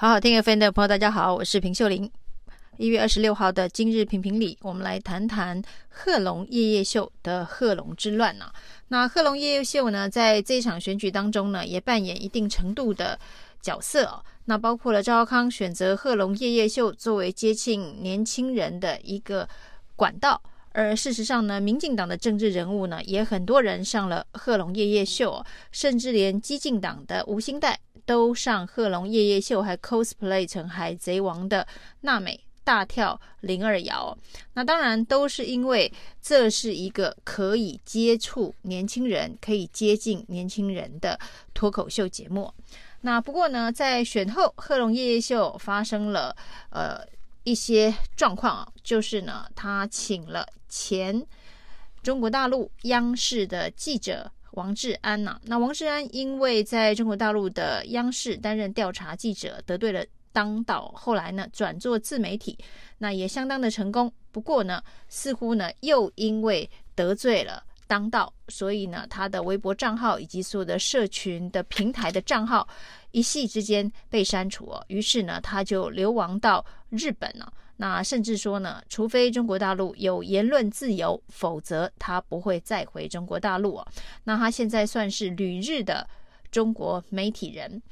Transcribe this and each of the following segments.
好好聽 FM 的朋友，大家好，我是平秀玲。一月二十六號的今日評評理，我們來談談賀瓏夜夜秀的賀瓏之亂呢、啊。那賀瓏夜夜秀呢，在這一場選舉當中呢，也扮演一定程度的角色哦、啊。那包括了趙少康選擇賀瓏夜夜秀作為接近年輕人的一個管道，而事實上呢，民進黨的政治人物呢，也很多人上了賀瓏夜夜秀，甚至連基進黨的吳欣岱。都上賀瓏夜夜秀，還 cosplay 成海賊王的娜美大跳零二搖。那當然都是因為這是一個可以接觸年輕人、可以接近年輕人的脫口秀節目。那不過呢，在選後，賀瓏夜夜秀發生了呃一些狀況啊，就是呢，他請了前中國大陸央視的記者。王志安吶、啊，那王志安因為在中國大陸的央視擔任調查記者，得罪了當道，後來呢轉做自媒體，那也相當的成功。不過呢，似乎呢又因為得罪了當道，所以呢他的微博賬號以及所有的社群的平台的賬號一夕之間被刪除，於是呢他就流亡到日本了、啊。那甚至說呢，除非中國大陸有言論自由，否則他不會再回中國大陸啊。那他現在算是旅日的中國媒體人。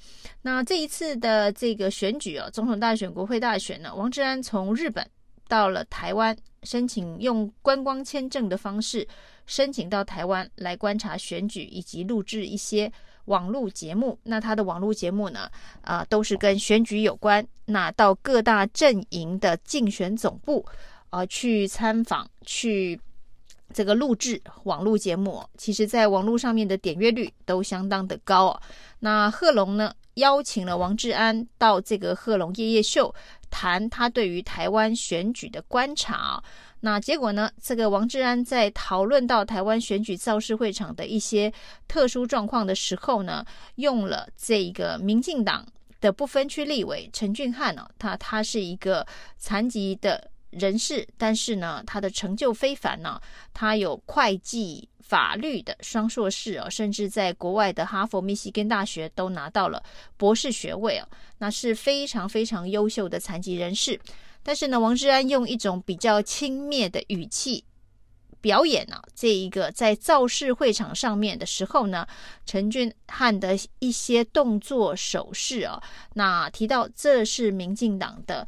那這一次的這個選舉哦、啊，總統大選、國會大選呢，王志安從日本到了台灣。申請用觀光簽證的方式申請到台灣來觀察選舉，以及錄製一些網絡節目。那他的網絡節目呢？啊，都是跟選舉有關。那到各大陣營的競選總部啊去參訪，去這個錄製網絡節目，其實在網絡上面的點閱率都相當的高啊。那賀瓏呢？邀請了王志安到這個賀瓏夜夜秀談他對於台灣選舉的觀察、啊。那結果呢？這個王志安在討論到台灣選舉造勢會場的一些特殊狀況的時候呢，用了這個民進黨的不分區立委陳俊翰哦、啊，他他是一個殘疾的。人士，但是呢，他的成就非凡呢、啊。他有會計、法律的雙碩士哦、啊，甚至在國外的哈佛、密西根大學都拿到了博士學位哦、啊，那是非常非常優秀的殘疾人士。但是呢，王志安用一種比較輕蔑的語氣表演呢、啊，這一個在造勢會場上面的時候呢，陳俊翰的一些動作手勢啊，那提到這是民進黨的。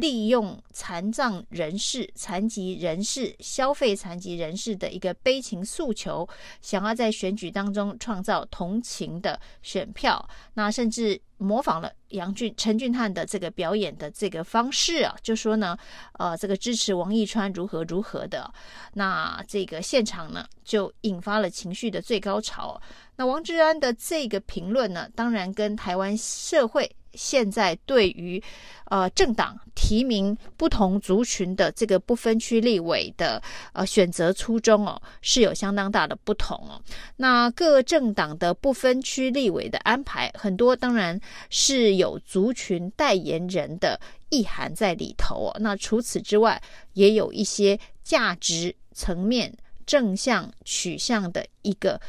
利用殘障人士、殘疾人士消費殘疾人士的一個悲情訴求，想要在選舉當中創造同情的選票，那甚至模仿了楊俊、陳俊翰的這個表演的這個方式啊，就說呢，呃，這個支持王一川如何如何的，那這個現場呢就引發了情緒的最高潮。那王志安的這個評論呢，當然跟台灣社會。現在對於呃政黨提名不同族群的這個不分區立委的呃選擇初衷哦，是有相當大的不同哦。那各政黨的不分區立委的安排，很多當然是有族群代言人的意涵在裡頭哦。那除此之外，也有一些價值層面正向取向的一個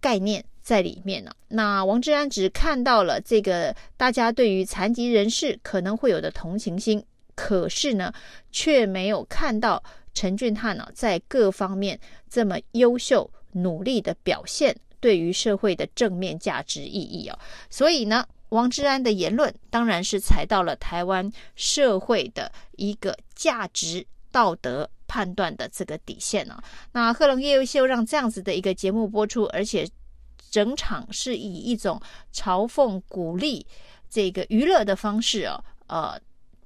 概念。在裡面呢、啊。那王志安只看到了這個大家對於殘疾人士可能會有的同情心，可是呢，卻沒有看到陳俊翰呢、啊、在各方面這麼優秀、努力的表現，對於社會的正面價值意義哦、啊。所以呢，王志安的言論當然是踩到了台灣社會的一個價值道德判斷的這個底線了、啊。那《賀瓏夜夜秀》讓這樣子的一個節目播出，而且。整場是以一種嘲諷、鼓勵這個娛樂的方式哦，呃，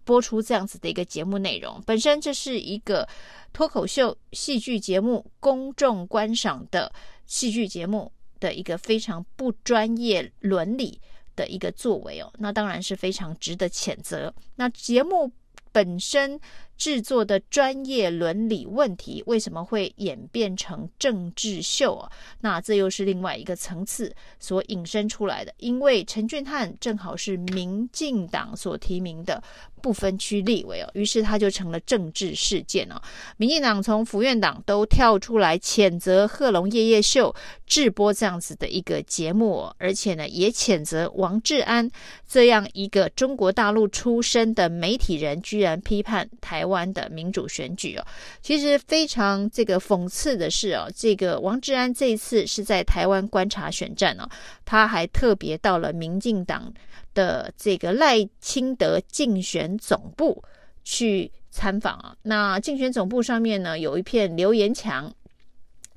播出這樣子的一個節目內容。本身這是一個脫口秀、喜劇節目、公眾觀賞的喜劇節目的一個非常不專業、倫理的一個作為哦，那當然是非常值得譴責。那節目本身。製作的專業倫理問題為什麼會演變成政治秀啊？那這又是另外一個層次所引申出來的。因為陳俊翰正好是民進黨所提名的不分區立委哦，於是他就成了政治事件哦。民進黨從府院黨都跳出來譴責賀，賀瓏夜夜秀直播這樣子的一個節目，哦，而且呢也譴責王志安這樣一個中國大陸出身的媒體人居然批判台灣，灣的民主選舉哦，其實非常這個諷刺的是哦，這個王志安這一次是在台灣觀察選戰哦，他還特別到了民進黨的這個賴清德競選總部去參訪啊。那競選總部上面呢，有一片留言牆。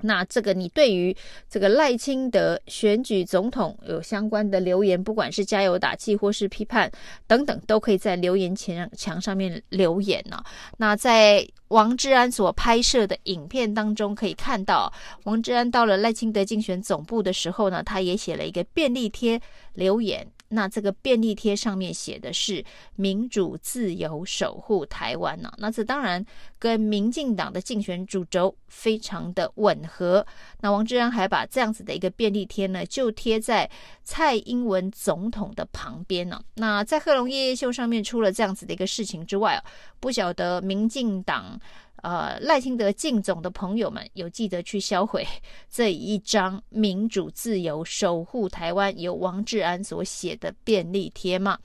那這個你對於這個賴清德選舉總統有相關的留言，不管是加油打氣或是批判等等，都可以在留言牆牆上面留言呢、啊。那在王志安所拍攝的影片當中，可以看到王志安到了賴清德競選總部的時候呢，他也寫了一個便利貼留言。那這個便利貼上面寫的是“民主自由守護台灣啊”呢，那這當然跟民進黨的競選主軸非常的吻合。那王志安還把這樣子的一個便利貼呢，就貼在蔡英文總統的旁邊呢啊。那在賀瓏夜夜秀上面出了這樣子的一個事情之外啊，不曉得民進黨。呃，賴清德競總的朋友們有記得去銷毀這一張民主自由守護台灣由王志安所寫的便利貼嗎？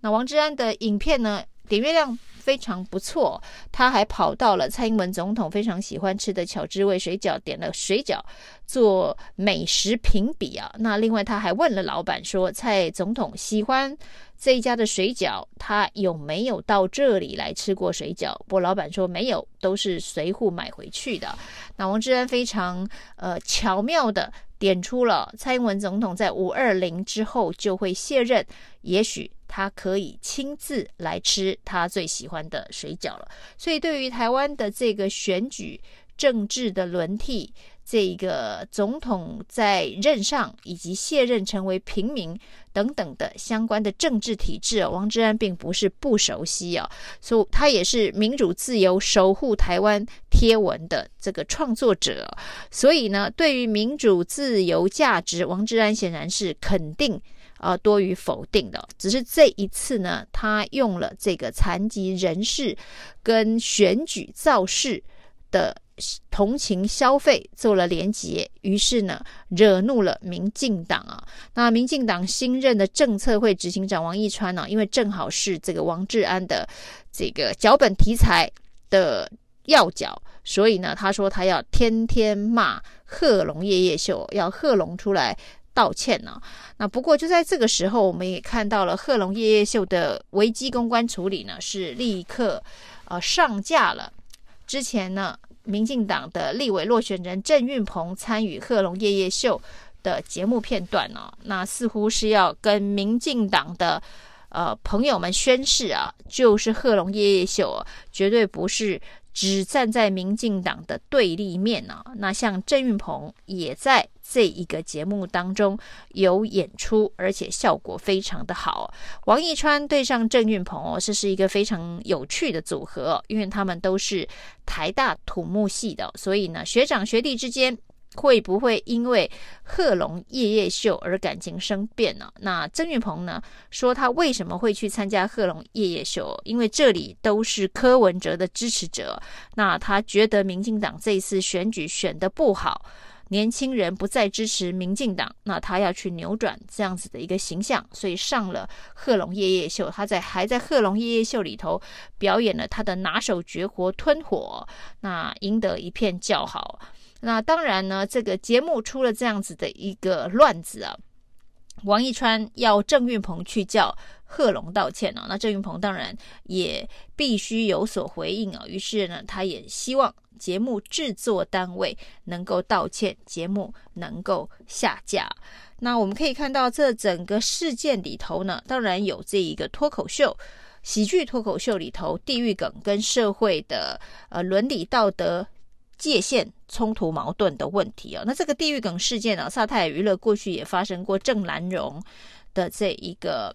那王志安的影片呢，點閱量非常不錯，他還跑到了蔡英文總統非常喜歡吃的巧之味水餃，點了水餃做美食評比啊。那另外他還問了老闆說，蔡總統喜歡這一家的水餃，他有沒有到這裡來吃過水餃？不過老闆說沒有，都是隨扈買回去的。那王志安非常呃巧妙的點出了蔡英文總統在五二零之後就會卸任，也許。他可以親自來吃他最喜歡的水餃了。所以，對於台灣的這個選舉政治的輪替，這個總統在任上以及卸任成為平民等等的相關的政治體制，哦，王志安並不是不熟悉啊，哦。所以，他也是民主自由守護台灣貼文的這個創作者。所以呢，對於民主自由價值，王志安顯然是肯定。啊，多於否定的，只是這一次呢，他用了這個殘疾人士跟選舉造勢的同情消費做了連結，於是呢，惹怒了民進黨啊。那民進黨新任的政策會執行長王義川呢、啊，因為正好是這個王志安的這個腳本題材的要角，所以呢，他說他要天天罵賀瓏，夜夜秀，要賀瓏出來道歉呢、啊？那不過就在這個時候，我們也看到了賀瓏夜夜秀的危機公關處理呢，是立刻呃上架了。之前呢，民進黨的立委落選人鄭運鵬參與賀瓏夜夜秀的節目片段呢、啊，那似乎是要跟民進黨的呃朋友們宣誓啊，就是賀瓏夜夜秀、啊、絕對不是。只站在民進黨的對立面呢、哦？那像鄭運鵬也在這一個節目當中有演出，而且效果非常的好。王義川對上鄭運鵬哦，這是一個非常有趣的組合，因為他們都是台大土木系的，所以呢，學長學弟之間。會不會因為賀瓏夜夜秀而感情生變呢？那曾玉鵬呢？說他為什麼會去參加賀瓏夜夜秀？因為這裡都是柯文哲的支持者。那他覺得民進黨這一次選舉選得不好，年輕人不再支持民進黨，那他要去扭轉這樣子的一個形象，所以上了賀瓏夜夜秀。他在還在賀瓏夜夜秀裡頭表演了他的拿手絕活吞火，那贏得一片叫好。那當然呢，這個節目出了這樣子的一個亂子啊，王義川要鄭運鵬去叫賀瓏道歉啊，那鄭運鵬當然也必須有所回應啊，於是呢，他也希望節目制作單位能夠道歉，節目能夠下架。那我們可以看到，這整個事件裡頭呢，當然有這一個脫口秀喜劇脫口秀裡頭地獄梗跟社會的呃倫理道德。界限衝突矛盾的問題哦，那這個地獄梗事件呢、啊？薩泰爾娛樂過去也發生過鄭南榕的這一個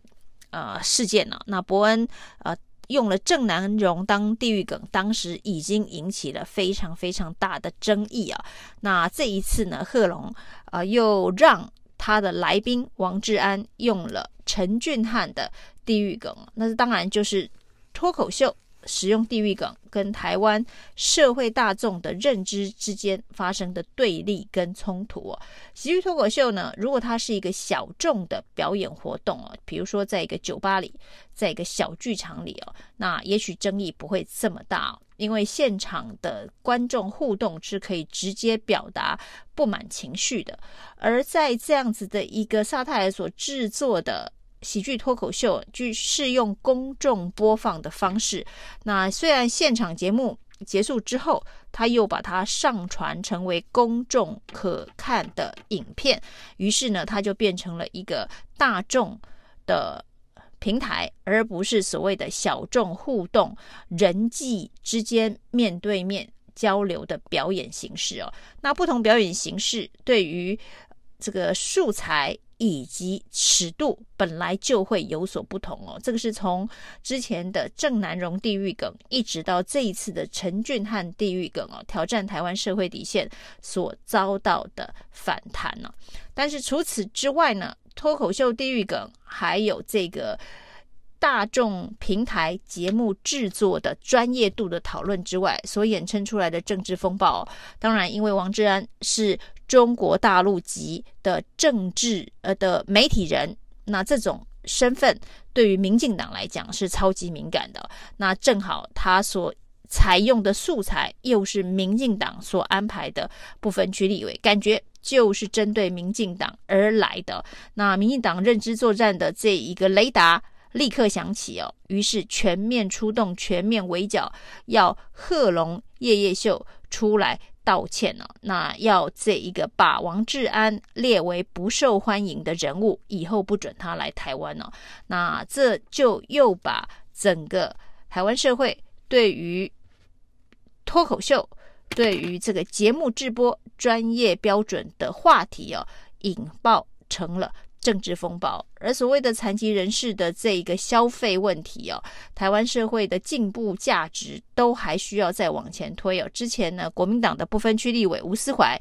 呃事件呢、啊。那博恩呃用了鄭南榕當地獄梗，當時已經引起了非常非常大的爭議啊。那這一次呢，賀瓏啊、呃、又讓他的來賓王志安用了陳俊翰的地獄梗，那當然就是脫口秀。使用地域梗跟台灣社會大眾的認知之間發生的對立跟衝突哦，喜劇脫口秀呢，如果它是一個小眾的表演活動哦，比如說在一個酒吧裡，在一個小劇場裡哦，那也許爭議不會這麼大哦，因為現場的觀眾互動是可以直接表達不滿情緒的，而在這樣子的一個薩泰爾所製作的。喜劇脫口秀就是用公眾播放的方式。那雖然現場節目結束之後，他又把它上傳成為公眾可看的影片，於是呢，它就變成了一個大眾的平台，而不是所謂的小眾互動、人際之間面對面交流的表演形式哦。那不同表演形式對於這個素材。以及尺度本來就會有所不同哦，這個是從之前的鄭南榕地獄梗，一直到這一次的陳俊翰地獄梗哦，挑戰台灣社會底線所遭到的反彈呢，哦。但是除此之外呢，脫口秀地獄梗，還有這個大眾平台節目制作的專業度的討論之外，所衍生出來的政治風暴哦，當然因為王志安是。中國大陸籍的政治呃、的媒體人，那這種身份對於民進黨來講是超級敏感的。那正好他所採用的素材又是民進黨所安排的不分區立委，感覺就是針對民進黨而來的。那民進黨認知作戰的這一個雷達立刻響起哦，於是全面出動，全面圍剿，要賀瓏夜夜秀出來。道歉了，啊，那要這一個把王志安列為不受歡迎的人物，以後不准他來台灣了，啊。那這就又把整個台灣社會對於脫口秀，對於這個節目製播專業標準的話題哦，啊，引爆成了。政治風暴，而所謂的殘疾人士的這一個消費問題哦、啊，台灣社會的進步價值都還需要再往前推哦、啊。之前呢，國民黨的不分區立委吳斯懷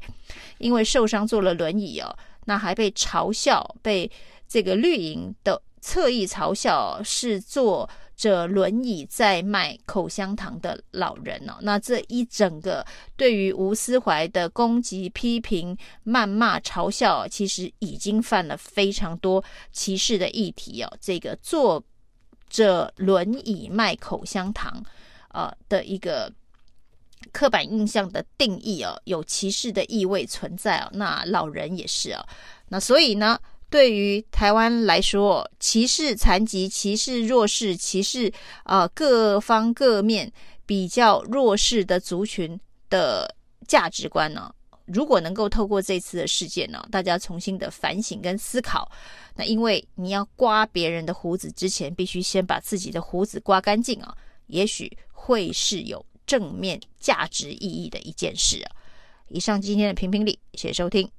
因為受傷坐了輪椅哦、啊，那還被嘲笑，被這個綠營的側翼嘲笑是坐。着輪椅在賣口香糖的老人哦、啊，那這一整個對於吳思懷的攻擊、批評、謾罵、嘲笑、啊，其實已經犯了非常多歧視的議題哦、啊。這個坐着輪椅賣口香糖啊的一個刻板印象的定義哦、啊，有歧視的意味存在哦、啊。那老人也是哦、啊，那所以呢？對於台灣來說，歧視殘疾、歧視弱勢、歧視啊、呃、各方各面比較弱勢的族群的價值觀呢、啊，如果能夠透過這次的事件呢、啊，大家重新的反省跟思考，那因為你要刮別人的鬍子之前，必須先把自己的鬍子刮乾淨啊，也許會是有正面價值意義的一件事啊。以上今天的評評理，謝謝收聽。